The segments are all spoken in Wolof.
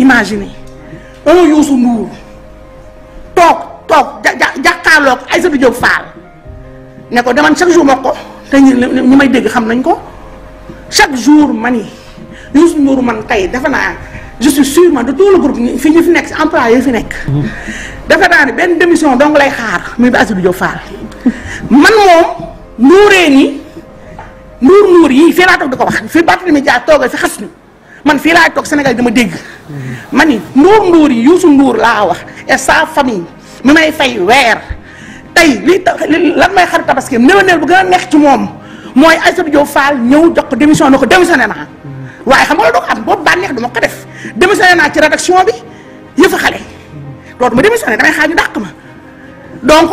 imaginer un Youssou Ndour toog toog ja ja jàkkaarloog Aïssatou Diop Fall ne ko deman chaque jour ma ko te ñi ñi may dégg xam nañ ko chaque jour ma ni Youssou Ndour man tey dafa naa je suis man de tout le group fi ñu fi nekk si emploi yi fi nekk. Mhm. dafa naa ni benn démission dong lay xaar muy bi Aïssatou Diop Fall man moom nduuree ni nduur nduur yi fii laa toog di ko wax fi Barthélémy Dias toogee fi xas ñu. man fii laa toog Sénégal dama dégg ma ni ndóor ndóor yi Youssou Ndour laa wax et sa famille mi may fay weer tey lii tax lan may xaru tabaski néew-néew bu gën a neex ci moom mooy Aïssatou Diop Fall ñëw jox ko démission na ko démissionné naa waaye xam nga loolu doo ko am boobu bànneex du ma ko def démissionné naa ci rédaction bi yëfa xale dootu ma démissionné damay xaar dàq ma donc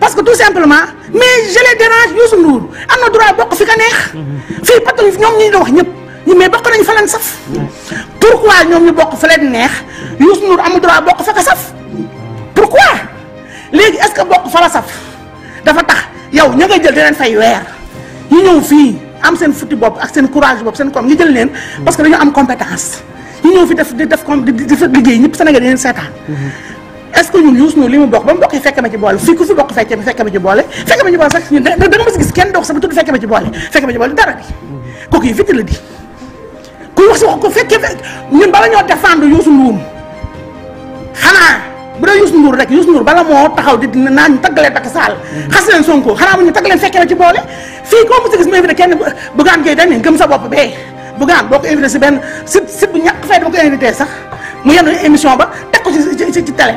parce que tout simplement mais je dérange Youssou Ndour am na ñi mais bokk nañ fa leen saf pourquoi ñoom ñu bokk fa leen neex Youssou Ndour amul droit bokk fa ka saf pourquoi léegi est bokk fa la saf dafa tax yow ña ngay jël di leen fay weer ñu ñëw fii am seen futti bopp ak seen courage bopp seen koom ñu jël leen parce que dañoo am compétence ñu ñëw fi def di def comme liggéey ñëpp Sénégal yeneen seetaan est que ñun Youssou Ndour li mu bokk ba mu bokkee fekk ma ci boole fii ku fi bokk fekk fekk ma ci ma ci di wax si ko fekkee fekk ñun bala ñoo défendre Youssou Ndour xanaa bu dee Youssou Ndour rek Youssou Ndour bala moo taxaw di di naa ñu taggalee Macky Sall mm-hmm. xas leen Sonko xanaa bu ñu taggaleen fekkee ci boole fii koo mos a gis mu invité kenn Bougane Gueye dañ ne gëm sa bopp bee Bougane boo ko invité si benn sit sit bu ñàkk fay dama ko invité sax mu yenn émission ba teg ko ci ci ci télé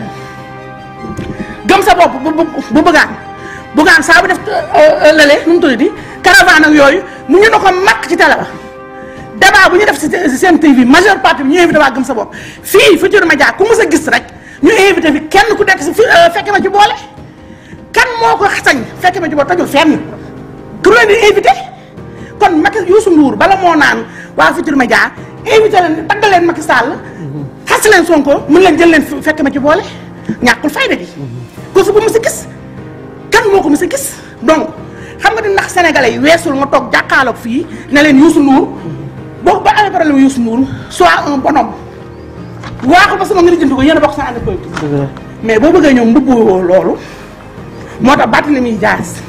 gëm sa bopp bu bu Bougane Bougane saa bu def euh, euh, lële nu mu tudd di caravane ak yooyu mu ñu ne ko màkk ci télé débat bu ñu def si seen TV majeure partie bi ñu invité waa gëm sa bopp fii Futurs Médias ku mës a gis rek ñu invité fi kenn ku nekk si euh, fekk na ci boole kan moo ko sañ fekk na ci boole tajul fenn ku leen di invité kon Macky moo naan waa Futurs Médias invité leen tagg leen Macky Sall xas leen Sonko mën leen jël leen fekk na ci boole ñàkkul fayda gi ko su bu mës a gis kan moo ko mës a gis donc xam nga di ndax sénégalais yi weesul nga toog jàkkaarloog fii ne leen Youssou Ndour rappelle wu Youssou Ndour soit un bonhomme waaxul parce que moom nga jënd ko yéen a bokk seen ànd politique mais boo bëggee ñoom mbubbu loolu moo tax bàttali muy jaas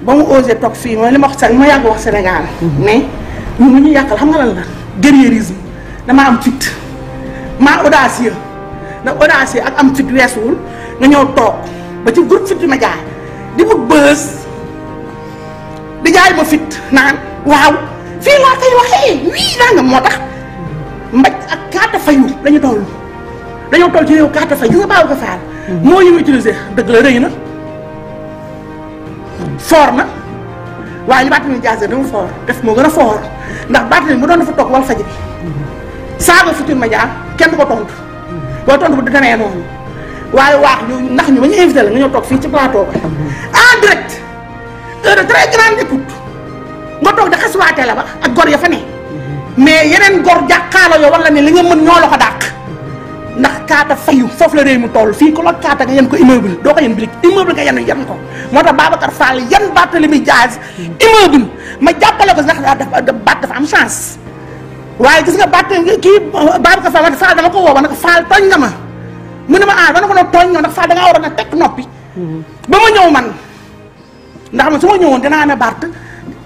ba mu osé toog fii mooy li ma wax ma yàgg wax Sénégal mais mhm. lu ñu yàqal xam nga lan la guerrierisme dama am fit maa audacieux ndax audacieux ak am fit weesuwul nga ñëw toog ba ci groupe fit bi ma jaay di wut bës di jaay ma fit naan waaw fii laa koy waxee wii naa nga moo tax mbaj ak carte fayu lañu toll dañoo toll ci réew carte fayu nga baaw ko faal moo ñu utiliser dëgg la rëy na foor na waaye li Barthélémy Dias dama foor def moo gën a foor ndax Barthélémy bu doon dafa toog wal faj bi saaga futur ma jaar kenn du ko tontu boo tontu bu demee noonu waaye waax ñu ndax ñu ba ñu invité nga ñëw toog fii ci plateau ba en direct heure de très grande nga toog da xaswaatee la ba ak gor ya fa ne mais yeneen gor jàqaalo yo wala ne li nga mën ñoo la ko dàq ndax kaata fayu foofu la réew mu toll fii ko la kaata nga yen ko immeuble doo ko yen birig immeuble nga yen yen ko moo tax Babacar Fall yan batta li muy jaas immeuble ma jàppale ko ndax daa baat dafa am chance waaye gis nga baat kii Babacar Fall Fall dama ko woo ma ko Fall tooñ nga ma mu ne ma ah dana ko no tooñ ñoo nag Fall da ngaa waroon a teg noppi ma ndax man su ma ñëwoon dinaa ne Bart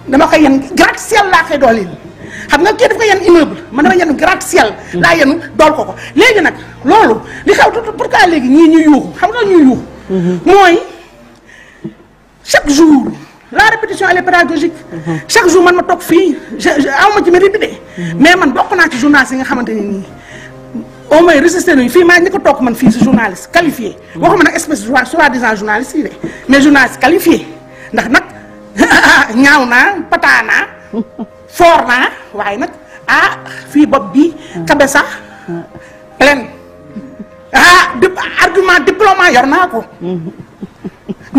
dama koy yan gratte ciel laa koy dooleel xam nga kii daf koy yan immeuble man dama yenu gratte ciel laa yenu dool ko ko léegi nag loolu li xew pourquoi léegi ñii ñu yuuxu xam nga ñuy yuuxu mooy chaque jour la répétition elle est pédagogique chaque jour man ma toog fii awma ci ma répété mais man bokk naa ci journaliste yi nga xamante ni nii au moins résisté nañu fii maa ngi ko toog man fii si journaliste qualifié waxuma nag espèce soi-disant journaliste yi de mais journaliste qualifié ndax nag ñaaw naa pataa naa foor naa waaye nag ah fii bopp bi kabe sax len ah di argument diplôme yor naa ko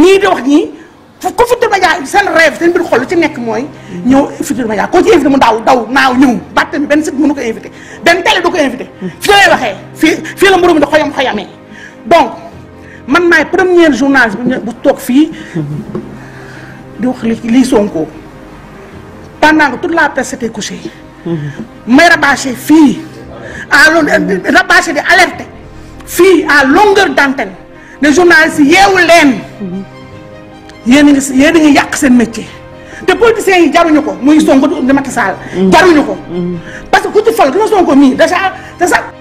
ñii di wax ñii ko Futurs Médias seen rêve seen mbir xol ci nekk mooy ñëw Futurs Médias koo ci invité mu daaw daw naaw ñëw bàtte mi benn sit mënu ko invité benn télé du ko invité fi lay waxee fii fii la mburum di xoyam xoyamee donc man maay première journaliste bu toog fii di wax lii Sonko pendant que toute la presse était couchée. Mhm. may rabâché fii à lo euh, rabâché di fii à longueur d'antenne ne journalistes yi yeewu leen. Mhm. yéen a ngi a ngi yàq seen métier te politiciens yi jaruñu ko muy Sonko di Macky Sall. Mhm. jaruñu ko. parce que ku ci fal gën a Sonko mii déjà déjà.